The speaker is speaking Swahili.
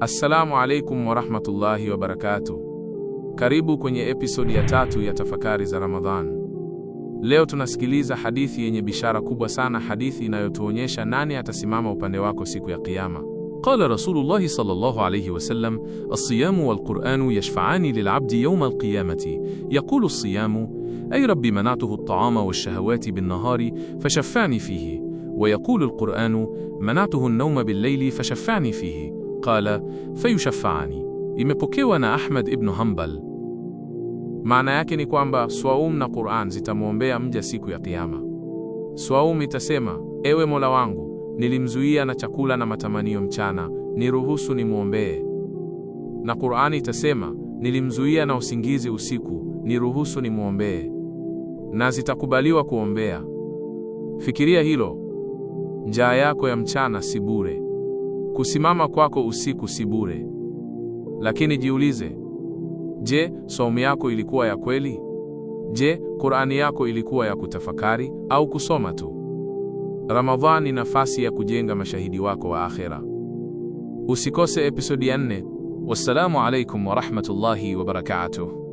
Assalamu alaikum warahmatullahi wabarakatuh. Karibu kwenye episodi ya tatu ya tafakari za Ramadhan. Leo tunasikiliza hadithi yenye bishara kubwa sana, hadithi inayotuonyesha nani atasimama upande wako siku ya Kiyama. Qala Rasulullahi sallallahu alayhi wasallam, as-siyamu wal-Qur'anu yashfa'ani lil-'abdi yawma al-qiyamati. Yaqulu as-siyamu, ay rabbi mana'tuhu at-ta'ama wash-shahawati bin-nahari fashaffa'ni fihi, wa yaqulu al mana'tuhu an-nawma fashaffa'ni fihi. قال fayushaffaani, imepokewa na Ahmad ibnu Hanbal. Maana yake ni kwamba swaum na Qur'an zitamwombea mja siku ya Kiyama. Swaum itasema, ewe Mola wangu, nilimzuia na chakula na matamanio mchana, niruhusu nimwombee. Na Qur'an itasema, nilimzuia na usingizi usiku, niruhusu nimwombee. Na zitakubaliwa kuombea. Fikiria hilo. Njaa yako ya mchana si bure. Kusimama kwako usiku si bure. Lakini jiulize, je, saumu yako ilikuwa ya kweli? Je, Qur'ani yako ilikuwa ya kutafakari au kusoma tu? Ramadhan ni nafasi ya kujenga mashahidi wako wa akhera. Usikose episodi ya nne. Wassalamu alaikum warahmatullahi wabarakatuh.